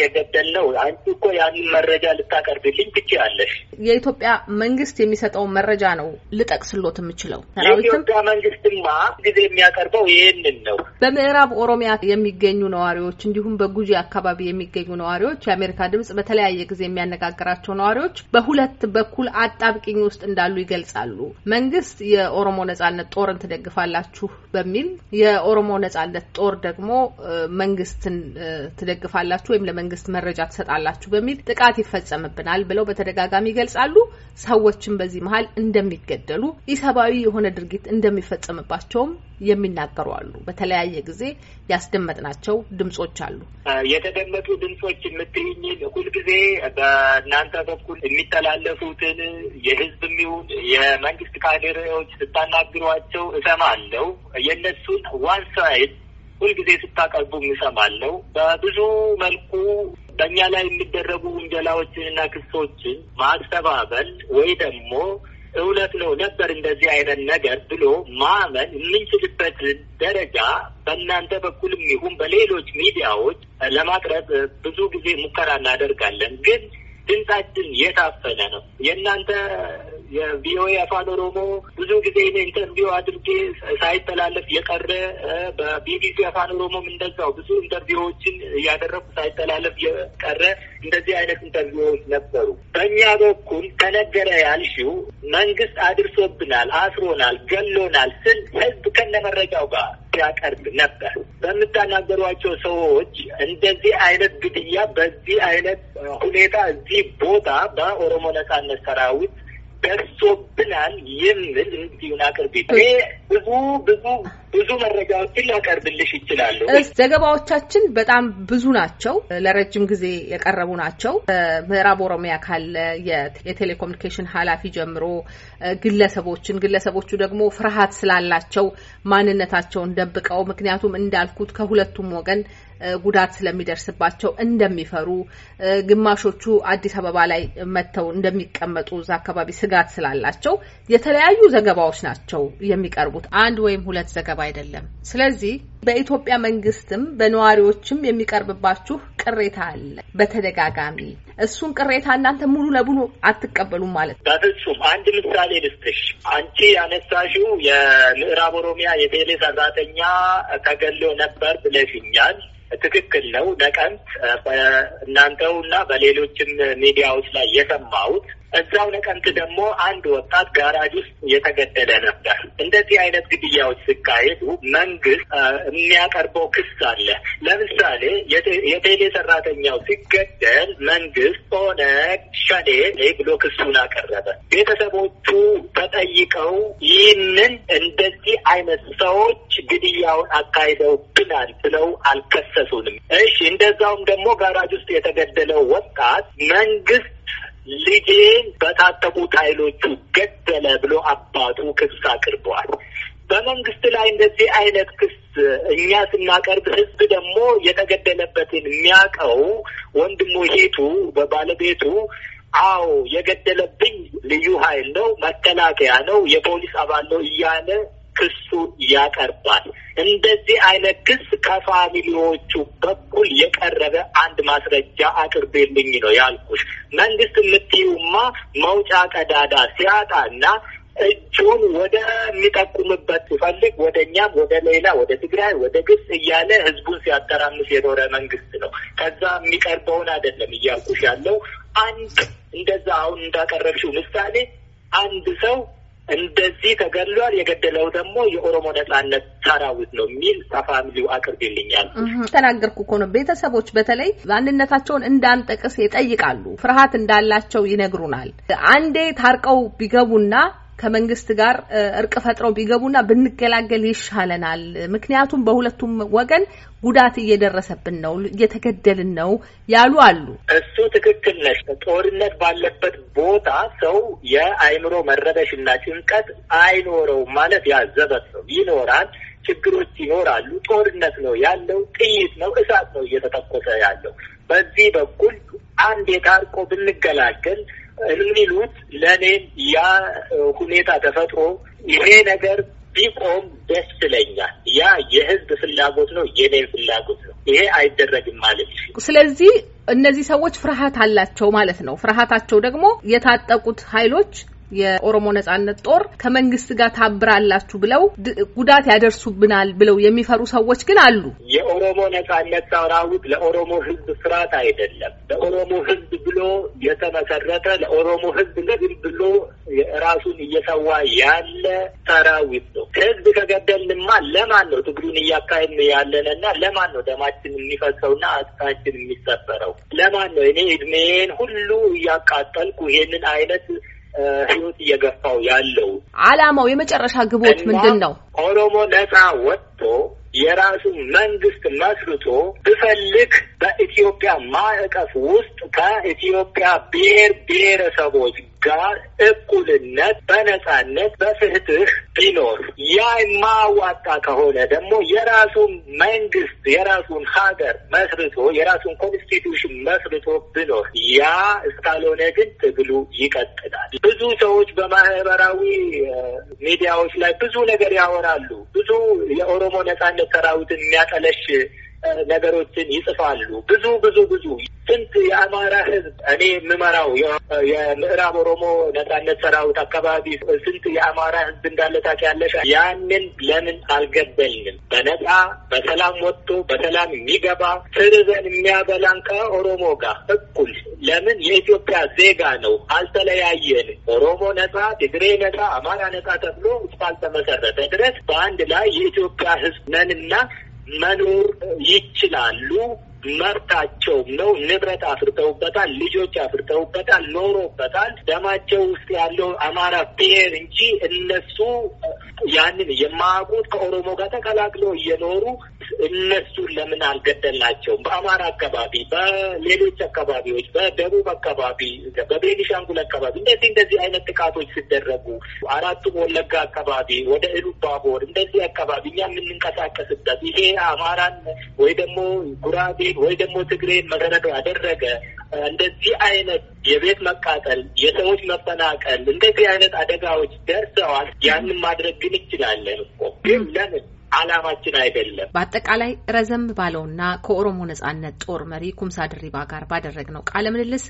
ነው? አንቺ እኮ ያንን መረጃ ልታቀርብልኝ ትችያለሽ። የኢትዮጵያ መንግስት የሚሰጠውን መረጃ ነው ልጠቅስሎት የምችለው። የኢትዮጵያ መንግስትማ ጊዜ የሚያቀርበው ይህንን ነው። በምዕራብ ኦሮሚያ የሚገኙ ነዋሪዎች እንዲሁም በጉጂ አካባቢ የሚገኙ ነዋሪዎች የአሜሪካ ድምጽ በተለያየ ጊዜ የሚያነጋግ ያነጋገራቸው ነዋሪዎች በሁለት በኩል አጣብቂኝ ውስጥ እንዳሉ ይገልጻሉ። መንግስት የኦሮሞ ነጻነት ጦርን ትደግፋላችሁ በሚል የኦሮሞ ነጻነት ጦር ደግሞ መንግስትን ትደግፋላችሁ ወይም ለመንግስት መረጃ ትሰጣላችሁ በሚል ጥቃት ይፈጸምብናል ብለው በተደጋጋሚ ይገልጻሉ። ሰዎችም በዚህ መሀል እንደሚገደሉ ኢሰብአዊ የሆነ ድርጊት እንደሚፈጸምባቸውም የሚናገሩ አሉ። በተለያየ ጊዜ ያስደመጥናቸው ድምጾች አሉ። የተደመጡ ድምጾች የምትይኝን ሁልጊዜ በእናንተ በኩል የሚተላለፉትን የህዝብ የሚሆን የመንግስት ካድሬዎች ስታናግሯቸው እሰማለሁ። የእነሱን ዋን ሳይድ ሁልጊዜ ስታቀርቡም እሰማለሁ። በብዙ መልኩ በእኛ ላይ የሚደረጉ ውንጀላዎችንና ክሶችን ማስተባበል ወይ ደግሞ እውነት ነው ነበር እንደዚህ አይነት ነገር ብሎ ማመን የምንችልበት ደረጃ በእናንተ በኩልም ይሁን በሌሎች ሚዲያዎች ለማቅረብ ብዙ ጊዜ ሙከራ እናደርጋለን። ግን ድምጻችን የታፈነ ነው። የእናንተ የቪኦኤ አፋን ኦሮሞ ብዙ ጊዜ ኢንተርቪው አድርጌ ሳይተላለፍ የቀረ በቢቢሲ አፋን ኦሮሞም እንደዛው ብዙ ኢንተርቪዎችን እያደረጉ ሳይተላለፍ የቀረ እንደዚህ አይነት ኢንተርቪዎች ነበሩ። በእኛ በኩል ተነገረ ያልሽው መንግስት አድርሶብናል፣ አስሮናል፣ ገሎናል ስል ህዝብ ከነመረጃው ጋር ያቀርብ ነበር። በምታናገሯቸው ሰዎች እንደዚህ አይነት ግድያ በዚህ አይነት ሁኔታ እዚህ ቦታ በኦሮሞ ነጻነት ሰራዊት ደርሶብናል የሚል እንዲሁን አቅርቢ። እኔ ብዙ ብዙ ብዙ መረጃዎችን ላቀርብልሽ ይችላሉ። ዘገባዎቻችን በጣም ብዙ ናቸው፣ ለረጅም ጊዜ የቀረቡ ናቸው። ምዕራብ ኦሮሚያ ካለ የቴሌኮሙኒኬሽን ኃላፊ ጀምሮ ግለሰቦችን ግለሰቦቹ ደግሞ ፍርሃት ስላላቸው ማንነታቸውን ደብቀው ምክንያቱም እንዳልኩት ከሁለቱም ወገን ጉዳት ስለሚደርስባቸው እንደሚፈሩ፣ ግማሾቹ አዲስ አበባ ላይ መጥተው እንደሚቀመጡ እዛ አካባቢ ስጋት ስላላቸው የተለያዩ ዘገባዎች ናቸው የሚቀርቡት፣ አንድ ወይም ሁለት ዘገባ አይደለም። ስለዚህ በኢትዮጵያ መንግስትም በነዋሪዎችም የሚቀርብባችሁ ቅሬታ አለ በተደጋጋሚ። እሱን ቅሬታ እናንተ ሙሉ ለሙሉ አትቀበሉም ማለት ነው? በፍጹም። አንድ ምሳሌ ልስጥሽ። አንቺ ያነሳሽው የምዕራብ ኦሮሚያ የቴሌ ሰራተኛ ተገሎ ነበር ብለሽኛል። ትክክል ነው። ነቀምት በእናንተው እና በሌሎችም ሚዲያዎች ላይ የሰማሁት። እዛው ነቀምት ደግሞ አንድ ወጣት ጋራጅ ውስጥ የተገደለ ነበር። እንደዚህ አይነት ግድያዎች ሲካሄዱ መንግስት የሚያቀርበው ክስ አለ። ለምሳሌ የቴሌ ሰራተኛው ሲገደል መንግስት ኦነግ ሸኔ ብሎ ክሱን አቀረበ። ቤተሰቦቹ ተጠይቀው ይህንን እንደዚህ አይነት ሰዎች ግድያውን አካሂደውብናል ብለው አልከሰ አልከሰሱንም። እሺ፣ እንደዛውም ደግሞ ጋራጅ ውስጥ የተገደለው ወጣት መንግስት ልጄን በታጠቁት ኃይሎቹ ገደለ ብሎ አባቱ ክስ አቅርበዋል። በመንግስት ላይ እንደዚህ አይነት ክስ እኛ ስናቀርብ ህዝብ ደግሞ የተገደለበትን የሚያውቀው ወንድሙ፣ ሄቱ በባለቤቱ አዎ የገደለብኝ ልዩ ኃይል ነው፣ መከላከያ ነው፣ የፖሊስ አባል ነው እያለ ክሱ ያቀርባል። እንደዚህ አይነት ክስ ከፋሚሊዎቹ በኩል የቀረበ አንድ ማስረጃ አቅርቤልኝ ነው ያልኩሽ። መንግስት የምትዩማ መውጫ ቀዳዳ ሲያጣና እጁን ወደሚጠቁምበት ሲፈልግ ወደ እኛም ወደ ሌላ ወደ ትግራይ ወደ ግብጽ እያለ ህዝቡን ሲያተራምስ የኖረ መንግስት ነው። ከዛ የሚቀርበውን አይደለም እያልኩሽ ያለው አንድ እንደዛ አሁን እንዳቀረብሽው ምሳሌ አንድ ሰው እንደዚህ ተገድሏል፣ የገደለው ደግሞ የኦሮሞ ነጻነት ሰራዊት ነው የሚል ከፋሚሊው አቅርብልኛል። ተናገርኩ እኮ ነው። ቤተሰቦች በተለይ ማንነታቸውን እንዳንጠቅስ ይጠይቃሉ፣ ፍርሃት እንዳላቸው ይነግሩናል። አንዴ ታርቀው ቢገቡና ከመንግስት ጋር እርቅ ፈጥረው ቢገቡና ብንገላገል ይሻለናል። ምክንያቱም በሁለቱም ወገን ጉዳት እየደረሰብን ነው፣ እየተገደልን ነው ያሉ አሉ። እሱ ትክክል ነሽ። ጦርነት ባለበት ቦታ ሰው የአይምሮ መረበሽ እና ጭንቀት አይኖረውም ማለት ያዘበት ነው። ይኖራል፣ ችግሮች ይኖራሉ። ጦርነት ነው ያለው፣ ጥይት ነው፣ እሳት ነው እየተተኮሰ ያለው። በዚህ በኩል አንድ የታርቆ ብንገላገል የሚሉት ለእኔም ያ ሁኔታ ተፈጥሮ ይሄ ነገር ቢቆም ደስ ይለኛል። ያ የህዝብ ፍላጎት ነው፣ የኔ ፍላጎት ነው። ይሄ አይደረግም ማለት ስለዚህ እነዚህ ሰዎች ፍርሃት አላቸው ማለት ነው። ፍርሃታቸው ደግሞ የታጠቁት ኃይሎች የኦሮሞ ነጻነት ጦር ከመንግስት ጋር ታብራላችሁ ብለው ጉዳት ያደርሱብናል ብለው የሚፈሩ ሰዎች ግን አሉ። የኦሮሞ ነጻነት ሰራዊት ለኦሮሞ ህዝብ ስርዓት አይደለም። ለኦሮሞ ህዝብ ብሎ የተመሰረተ ለኦሮሞ ህዝብ ለግል ብሎ ራሱን እየሰዋ ያለ ሰራዊት ነው። ሕዝብ ከገደልንማ ለማን ነው ትግሉን እያካሄድ ያለንና ለማን ነው ደማችን የሚፈሰውና አጥንታችን የሚሰበረው ለማን ነው? እኔ እድሜን ሁሉ እያቃጠልኩ ይሄንን አይነት ህይወት እየገፋው ያለው አላማው የመጨረሻ ግቦት ምንድን ነው? ኦሮሞ ነጻ ወጥቶ የራሱ መንግስት መስርቶ ብፈልግ በኢትዮጵያ ማዕቀፍ ውስጥ ከኢትዮጵያ ብሔር ብሔረሰቦች ጋር እኩልነት በነጻነት በፍትህ ቢኖር ያ የማዋጣ ከሆነ ደግሞ የራሱን መንግስት የራሱን ሀገር መስርቶ የራሱን ኮንስቲቱሽን መስርቶ ቢኖር ያ እስካልሆነ ግን ትግሉ ይቀጥላል። ብዙ ሰዎች በማህበራዊ ሚዲያዎች ላይ ብዙ ነገር ያወራሉ። ብዙ የኦሮሞ ነጻነት ሰራዊትን የሚያጠለሽ ነገሮችን ይጽፋሉ። ብዙ ብዙ ብዙ ስንት የአማራ ህዝብ እኔ የምመራው የምዕራብ ኦሮሞ ነጻነት ሰራዊት አካባቢ ስንት የአማራ ህዝብ እንዳለ ታውቂያለሽ? ያንን ለምን አልገበልንም? በነጻ በሰላም ወጥቶ በሰላም የሚገባ ስርዘን የሚያበላን ከኦሮሞ ጋር እኩል ለምን የኢትዮጵያ ዜጋ ነው። አልተለያየን። ኦሮሞ ነጻ፣ ትግሬ ነጻ፣ አማራ ነጻ ተብሎ እስካልተመሰረተ ድረስ በአንድ ላይ የኢትዮጵያ ህዝብ ነንና መኖር ይችላሉ። መብታቸውም ነው። ንብረት አፍርተውበታል፣ ልጆች አፍርተውበታል፣ ኖሮበታል። ደማቸው ውስጥ ያለው አማራ ብሔር እንጂ እነሱ ያንን የማያውቁት ከኦሮሞ ጋር ተቀላቅለው እየኖሩ እነሱን ለምን አልገደልናቸውም? በአማራ አካባቢ፣ በሌሎች አካባቢዎች፣ በደቡብ አካባቢ፣ በቤኒሻንጉል አካባቢ እንደዚህ እንደዚህ አይነት ጥቃቶች ሲደረጉ አራቱም ወለጋ አካባቢ ወደ ኢሉባቦር እንደዚህ አካባቢ እኛ የምንንቀሳቀስበት ይሄ አማራን ወይ ደግሞ ጉራጌን ወይ ደግሞ ትግሬን መሰረት ያደረገ እንደዚህ አይነት የቤት መቃጠል፣ የሰዎች መፈናቀል እንደዚህ አይነት አደጋዎች ደርሰዋል። ያንን ማድረግ ግን ይችላለን እኮ ግን ለምን አላማችን አይደለም። በአጠቃላይ ረዘም ባለውና ከኦሮሞ ነጻነት ጦር መሪ ኩምሳ ድሪባ ጋር ባደረግነው ቃለ ምልልስ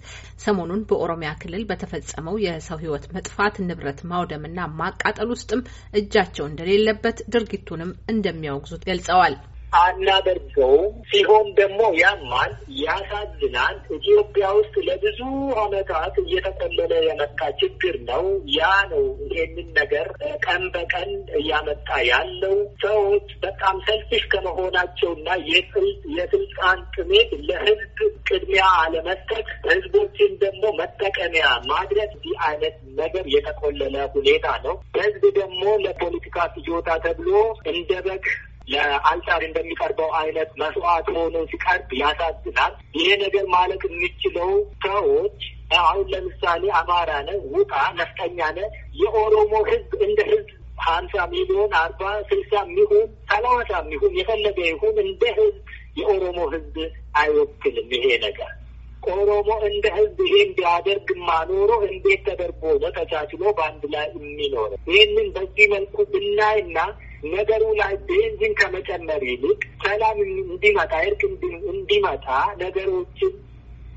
ሰሞኑን በኦሮሚያ ክልል በተፈጸመው የሰው ህይወት መጥፋት ንብረት ማውደምና ማቃጠል ውስጥም እጃቸው እንደሌለበት ድርጊቱንም እንደሚያወግዙት ገልጸዋል። አናደርገው ሲሆን ደግሞ ያማል፣ ያሳዝናል። ኢትዮጵያ ውስጥ ለብዙ ዓመታት እየተቆለለ የመጣ ችግር ነው። ያ ነው ይሄንን ነገር ቀን በቀን እያመጣ ያለው። ሰዎች በጣም ሰልፊሽ ከመሆናቸውና የስልጣን ጥሜት ለህዝብ ቅድሚያ አለመስጠት፣ ህዝቦችን ደግሞ መጠቀሚያ ማድረግ እዚህ አይነት ነገር የተቆለለ ሁኔታ ነው። ህዝብ ደግሞ ለፖለቲካ ፍጆታ ተብሎ እንደ በግ ለአንጻር እንደሚቀርበው አይነት መስዋዕት ሆኖ ሲቀርብ ያሳዝናል። ይሄ ነገር ማለት የሚችለው ሰዎች አሁን ለምሳሌ አማራ ነ ውጣ ነፍጠኛ ነ የኦሮሞ ህዝብ እንደ ህዝብ ሀምሳ ሚሊዮን አርባ ስልሳ ሚሆን ሰላሳ ሚሆን የፈለገ ይሁን እንደ ህዝብ የኦሮሞ ህዝብ አይወክልም። ይሄ ነገር ኦሮሞ እንደ ህዝብ ይሄ እንዲያደርግ ማኖሮ እንዴት ተደርጎ ነው ተቻችሎ በአንድ ላይ የሚኖረ ይህንን በዚህ መልኩ ብናይና ነገሩ ላይ ቤንዚን ከመጨመር ይልቅ ሰላም እንዲመጣ፣ እርቅ እንዲመጣ ነገሮችን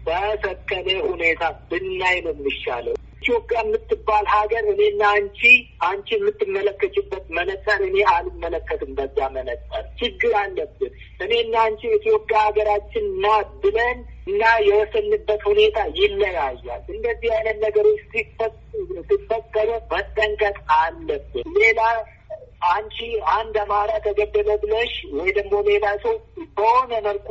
በሰከነ ሁኔታ ብናይ ነው የሚሻለው። ኢትዮጵያ የምትባል ሀገር እኔና አንቺ አንቺ የምትመለከችበት መነጸር እኔ አልመለከትም። በዛ መነጸር ችግር አለብን። እኔና አንቺ ኢትዮጵያ ሀገራችን ናት ብለን እና የወሰንበት ሁኔታ ይለያያል። እንደዚህ አይነት ነገሮች ሲፈጠሩ መጠንቀቅ አለብን። ሌላ አንቺ አንድ አማራ ተገደለ ብለሽ ወይ ደግሞ ሌላ ሰው በሆነ መልኩ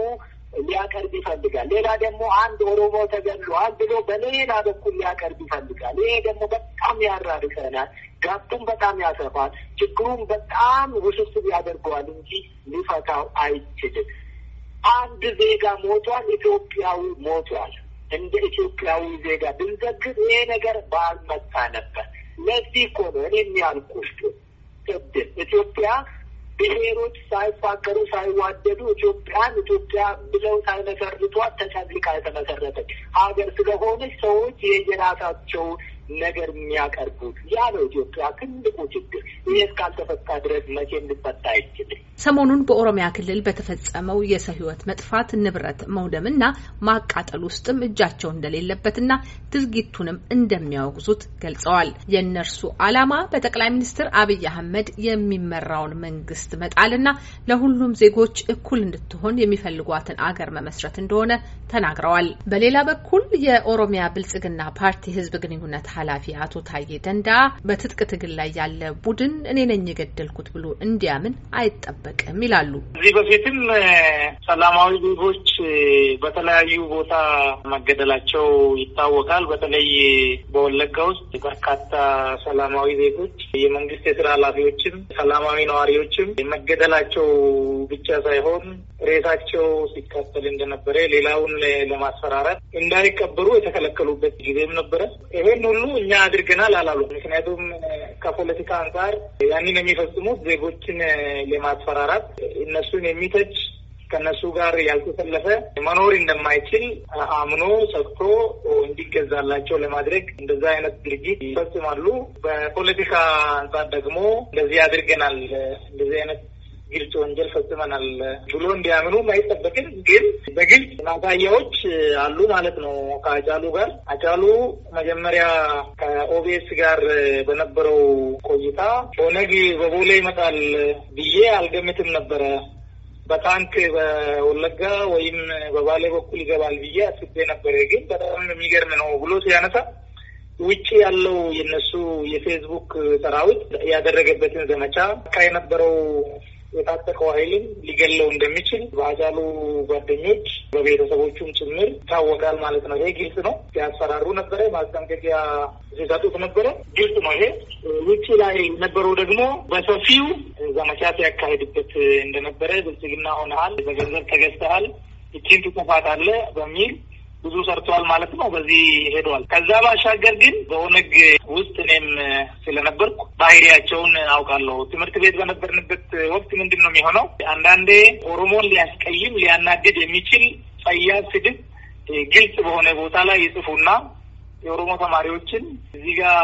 ሊያቀርብ ይፈልጋል። ሌላ ደግሞ አንድ ኦሮሞ ተገድሏል ብሎ በሌላ በኩል ሊያቀርብ ይፈልጋል። ይሄ ደግሞ በጣም ያራርሰናል፣ ጋብቱን በጣም ያሰፋል፣ ችግሩን በጣም ውስብስብ ያደርገዋል እንጂ ሊፈታው አይችልም። አንድ ዜጋ ሞቷል፣ ኢትዮጵያዊ ሞቷል። እንደ ኢትዮጵያዊ ዜጋ ብንዘግብ ይሄ ነገር ባልመጣ ነበር። ለዚህ እኮ ነው እኔ የሚያልኩሽ ገድል ኢትዮጵያ ብሔሮች ሳይፋቀሩ ሳይዋደዱ ኢትዮጵያን ኢትዮጵያ ብለው ሳይመሰርቷት ተጨፍልቃ የተመሰረተች ሀገር ስለሆነች ሰዎች የየራሳቸው ነገር የሚያቀርቡት ያ ነው ኢትዮጵያ ትልቁ ችግር። ይህ እስካልተፈታ ድረስ መቼ ልፈታ አይችልም። ሰሞኑን በኦሮሚያ ክልል በተፈጸመው የሰው ሕይወት መጥፋት ንብረት መውደምና ማቃጠል ውስጥም እጃቸው እንደሌለበትና ድርጊቱንም እንደሚያወግዙት ገልጸዋል። የእነርሱ ዓላማ በጠቅላይ ሚኒስትር አብይ አህመድ የሚመራውን መንግስት መጣልና ለሁሉም ዜጎች እኩል እንድትሆን የሚፈልጓትን አገር መመስረት እንደሆነ ተናግረዋል። በሌላ በኩል የኦሮሚያ ብልጽግና ፓርቲ ህዝብ ግንኙነት ኃላፊ አቶ ታዬ ደንዳ በትጥቅ ትግል ላይ ያለ ቡድን እኔ ነኝ የገደልኩት ብሎ እንዲያምን አይጠበቅም ይላሉ። እዚህ በፊትም ሰላማዊ ዜጎች በተለያዩ ቦታ መገደላቸው ይታወቃል። በተለይ በወለጋ ውስጥ በርካታ ሰላማዊ ዜጎች፣ የመንግስት የስራ ኃላፊዎችም ሰላማዊ ነዋሪዎችም መገደላቸው ብቻ ሳይሆን ሬሳቸው ሲካፈል እንደነበረ ሌላውን ለማስፈራራት እንዳይቀበሩ የተከለከሉበት ጊዜም ነበረ። ይሄን ሁሉ እኛ አድርገናል አላሉ። ምክንያቱም ከፖለቲካ አንጻር ያንን የሚፈጽሙት ዜጎችን ለማስፈራራት እነሱን የሚተች ከነሱ ጋር ያልተሰለፈ መኖር እንደማይችል አምኖ ሰጥቶ እንዲገዛላቸው ለማድረግ እንደዛ አይነት ድርጊት ይፈጽማሉ። በፖለቲካ አንጻር ደግሞ እንደዚህ አድርገናል እንደዚህ አይነት ግልጽ ወንጀል ፈጽመናል ብሎ እንዲያምኑ አይጠበቅም። ግን በግልጽ ማሳያዎች አሉ ማለት ነው። ከአጫሉ ጋር አጫሉ መጀመሪያ ከኦቤስ ጋር በነበረው ቆይታ ኦነግ በቦሌ ይመጣል ብዬ አልገምትም ነበረ። በታንክ በወለጋ ወይም በባሌ በኩል ይገባል ብዬ አስቤ ነበረ። ግን በጣም የሚገርም ነው ብሎ ሲያነሳ ውጭ ያለው የነሱ የፌስቡክ ሰራዊት ያደረገበትን ዘመቻ የነበረው የታጠቀው ኃይልን ሊገለው እንደሚችል በአጫሉ ጓደኞች በቤተሰቦቹም ጭምር ይታወቃል ማለት ነው። ይሄ ግልጽ ነው። ሲያስፈራሩ ነበረ፣ ማስጠንቀቂያ ሲሰጡት ነበረ። ግልጽ ነው። ይሄ ውጭ ላይ ነበረው ደግሞ በሰፊው ዘመቻ ሲያካሄድበት እንደነበረ ብልጽግና ሆነሃል፣ በገንዘብ ተገዝተሃል፣ ይችን ትጽፋት አለ በሚል ብዙ ሰርተዋል ማለት ነው። በዚህ ሄደዋል። ከዛ ባሻገር ግን በኦነግ ውስጥ እኔም ስለነበርኩ ባህሪያቸውን አውቃለሁ። ትምህርት ቤት በነበርንበት ወቅት ምንድን ነው የሚሆነው? አንዳንዴ ኦሮሞን ሊያስቀይም ሊያናድድ የሚችል ጸያፍ ስድብ ግልጽ በሆነ ቦታ ላይ ይጽፉና የኦሮሞ ተማሪዎችን እዚህ ጋር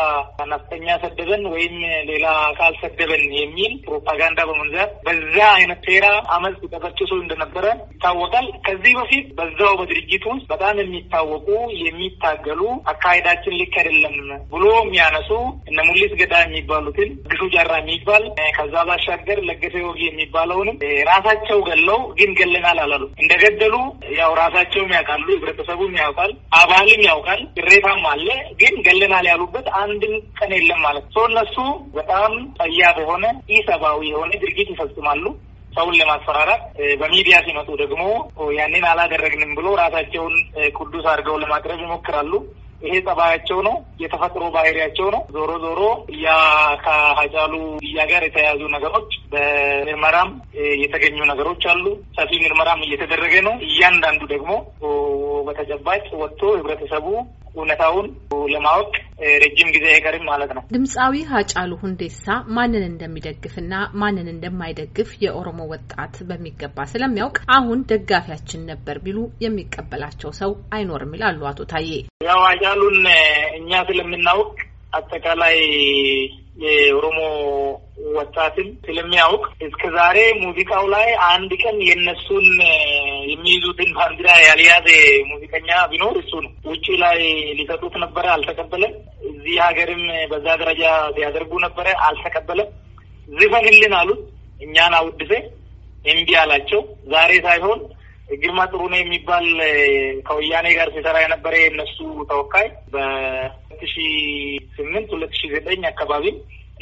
ነፍጠኛ ሰደበን ወይም ሌላ አካል ሰደበን የሚል ፕሮፓጋንዳ በመንዛት በዛ አይነት ሴራ አመፅ ተቀጭሶ እንደነበረ ይታወቃል። ከዚህ በፊት በዛው በድርጅት ውስጥ በጣም የሚታወቁ የሚታገሉ አካሄዳችን ልክ አይደለም ብሎ የሚያነሱ እነ ሙሊስ ገዳ የሚባሉትን ግሹ ጃራ የሚባል ከዛ ባሻገር ለገሰ ወጊ የሚባለውንም ራሳቸው ገለው ግን ገለናል አላሉ። እንደገደሉ ያው ራሳቸውም ያውቃሉ፣ ህብረተሰቡም ያውቃል፣ አባልም ያውቃል፣ ቅሬታም አለ። ግን ገለናል ያሉበት አንድም ቀን የለም ማለት ነው። እነሱ በጣም ጠያፍ የሆነ ኢሰብአዊ የሆነ ድርጊት ይፈጽማሉ። ሰውን ለማስፈራራት በሚዲያ ሲመጡ ደግሞ ያንን አላደረግንም ብሎ ራሳቸውን ቅዱስ አድርገው ለማቅረብ ይሞክራሉ። ይሄ ጸባያቸው ነው፣ የተፈጥሮ ባህሪያቸው ነው። ዞሮ ዞሮ ያ ከሀጫሉ እያ ጋር የተያያዙ ነገሮች በምርመራም የተገኙ ነገሮች አሉ። ሰፊ ምርመራም እየተደረገ ነው። እያንዳንዱ ደግሞ በተጨባጭ ወጥቶ ህብረተሰቡ እውነታውን ለማወቅ ረጅም ጊዜ አይቀርም ማለት ነው። ድምፃዊ ሀጫሉ ሁንዴሳ ማንን እንደሚደግፍና ማንን እንደማይደግፍ የኦሮሞ ወጣት በሚገባ ስለሚያውቅ አሁን ደጋፊያችን ነበር ቢሉ የሚቀበላቸው ሰው አይኖርም ይላሉ አቶ ታዬ። ያው ሀጫሉን እኛ ስለምናውቅ አጠቃላይ የኦሮሞ ወጣትን ስለሚያውቅ እስከ ዛሬ ሙዚቃው ላይ አንድ ቀን የእነሱን የሚይዙትን ባንዲራ ያልያዘ ሙዚቀኛ ቢኖር እሱ ነው። ውጭ ላይ ሊሰጡት ነበረ፣ አልተቀበለም። እዚህ ሀገርም በዛ ደረጃ ሊያደርጉ ነበረ፣ አልተቀበለም። ዝፈንልን አሉት። እኛን አውድሴ እምቢ አላቸው። ዛሬ ሳይሆን ግርማ ጥሩነ የሚባል ከወያኔ ጋር ሲሰራ የነበረ የእነሱ ተወካይ ሁለት ሺ ስምንት ሁለት ሺ ዘጠኝ አካባቢ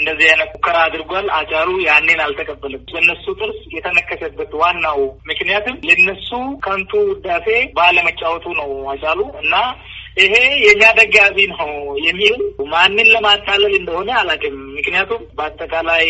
እንደዚህ አይነት ሙከራ አድርጓል። አጫሩ ያኔን አልተቀበለም። በእነሱ ጥርስ የተነከሰበት ዋናው ምክንያትም የእነሱ ከንቱ ውዳሴ ባለመጫወቱ ነው። አጫሉ እና ይሄ የእኛ ደጋፊ ነው የሚል ማንን ለማታለል እንደሆነ አላውቅም። ምክንያቱም በአጠቃላይ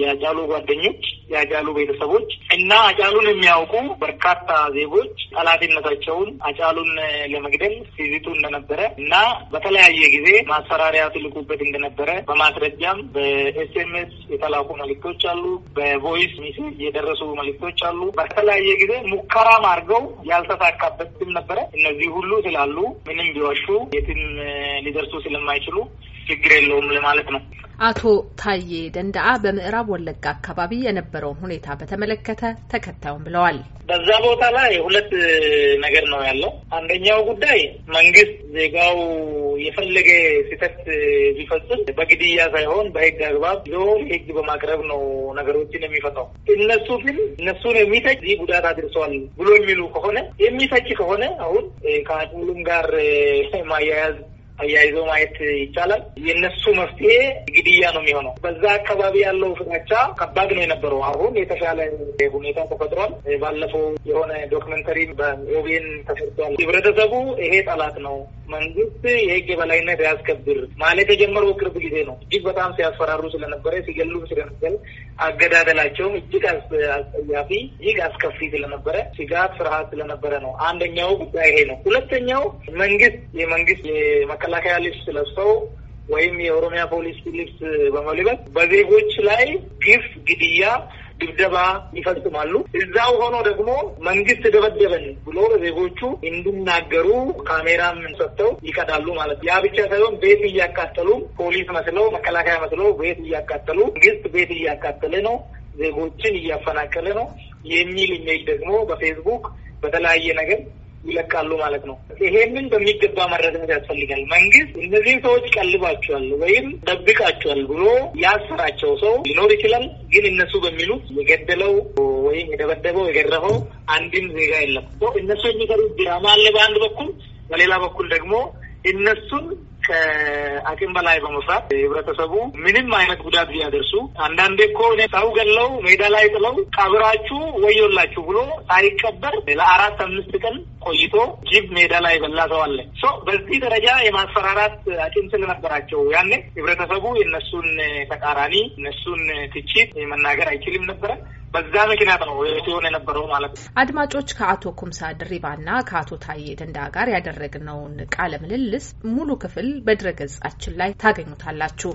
የአጫሉ ጓደኞች፣ የአጫሉ ቤተሰቦች እና አጫሉን የሚያውቁ በርካታ ዜጎች ጠላትነታቸውን አጫሉን ለመግደል ሲዝቱ እንደነበረ እና በተለያየ ጊዜ ማስፈራሪያ ትልቁበት እንደነበረ በማስረጃም በኤስኤምኤስ የተላኩ መልክቶች አሉ፣ በቮይስ ሜሴጅ የደረሱ መልክቶች አሉ። በተለያየ ጊዜ ሙከራም አድርገው ያልተሳካበትም ነበረ። እነዚህ ሁሉ ስላሉ ምንም ቢዋሹ የትም ሊደርሱ ስለማይችሉ ችግር የለውም ለማለት ነው። አቶ ታዬ ደንዳአ በምዕራብ ወለጋ አካባቢ የነበረውን ሁኔታ በተመለከተ ተከታዩም ብለዋል። በዛ ቦታ ላይ ሁለት ነገር ነው ያለው። አንደኛው ጉዳይ መንግስት ዜጋው የፈለገ ስህተት ቢፈጽም በግድያ ሳይሆን በህግ አግባብ ይዞ ህግ በማቅረብ ነው ነገሮችን የሚፈታው። እነሱ ግን እነሱን የሚተች እዚህ ጉዳት አድርሰዋል ብሎ የሚሉ ከሆነ የሚተች ከሆነ አሁን ከአቅሙሉም ጋር ማያያዝ አያይዞ ማየት ይቻላል። የእነሱ መፍትሄ ግድያ ነው የሚሆነው። በዛ አካባቢ ያለው ፍራቻ ከባድ ነው የነበረው። አሁን የተሻለ ሁኔታ ተፈጥሯል። ባለፈው የሆነ ዶክመንተሪ በኦቤን ተሰርቷል። ህብረተሰቡ ይሄ ጠላት ነው፣ መንግስት የህግ የበላይነት ያስከብር ማለት የጀመረው ቅርብ ጊዜ ነው። እጅግ በጣም ሲያስፈራሩ ስለነበረ ሲገሉ ስለነበረ አገዳደላቸውም እጅግ አስጸያፊ እጅግ አስከፊ ስለነበረ ስጋት፣ ፍርሃት ስለነበረ ነው። አንደኛው ጉዳይ ይሄ ነው። ሁለተኛው መንግስት የመንግስት የመከላከያ ልብስ ለብሰው ወይም የኦሮሚያ ፖሊስ ልብስ በመልበስ በዜጎች ላይ ግፍ፣ ግድያ፣ ድብደባ ይፈጽማሉ። እዛው ሆኖ ደግሞ መንግስት ደበደበን ብሎ ዜጎቹ እንዲናገሩ ካሜራም ሰጥተው ይቀዳሉ ማለት ነው። ያ ብቻ ሳይሆን ቤት እያቃጠሉ ፖሊስ መስለው መከላከያ መስለው ቤት እያቃጠሉ መንግስት ቤት እያቃጠለ ነው፣ ዜጎችን እያፈናቀለ ነው የሚል ኢሜይል ደግሞ በፌስቡክ በተለያየ ነገር ይለቃሉ ማለት ነው። ይሄንን በሚገባ መረዳት ያስፈልጋል። መንግስት እነዚህን ሰዎች ቀልባቸዋል ወይም ደብቃቸዋል ብሎ ያሰራቸው ሰው ሊኖር ይችላል። ግን እነሱ በሚሉት የገደለው ወይም የደበደበው የገረፈው አንድም ዜጋ የለም። እነሱ የሚሰሩት ድራማ አለ በአንድ በኩል፣ በሌላ በኩል ደግሞ እነሱን ከአቅም በላይ በመስራት ህብረተሰቡ ምንም አይነት ጉዳት ቢያደርሱ አንዳንዴ እኮ ሰው ገለው ሜዳ ላይ ጥለው ቀብራችሁ ወዮላችሁ ብሎ ሳይቀበር ለአራት አምስት ቀን ቆይቶ ጅብ ሜዳ ላይ በላ ሰው አለ። በዚህ ደረጃ የማስፈራራት አቅም ስለነበራቸው ያኔ ህብረተሰቡ የነሱን ተቃራኒ እነሱን ትችት መናገር አይችልም ነበረ። በዛ ምክንያት ነው ሲሆን የነበረው ማለት ነው። አድማጮች ከአቶ ኩምሳ ድሪባና ከአቶ ታዬ ደንዳ ጋር ያደረግነውን ቃለ ምልልስ ሙሉ ክፍል በድረገጻችን ላይ ታገኙታላችሁ።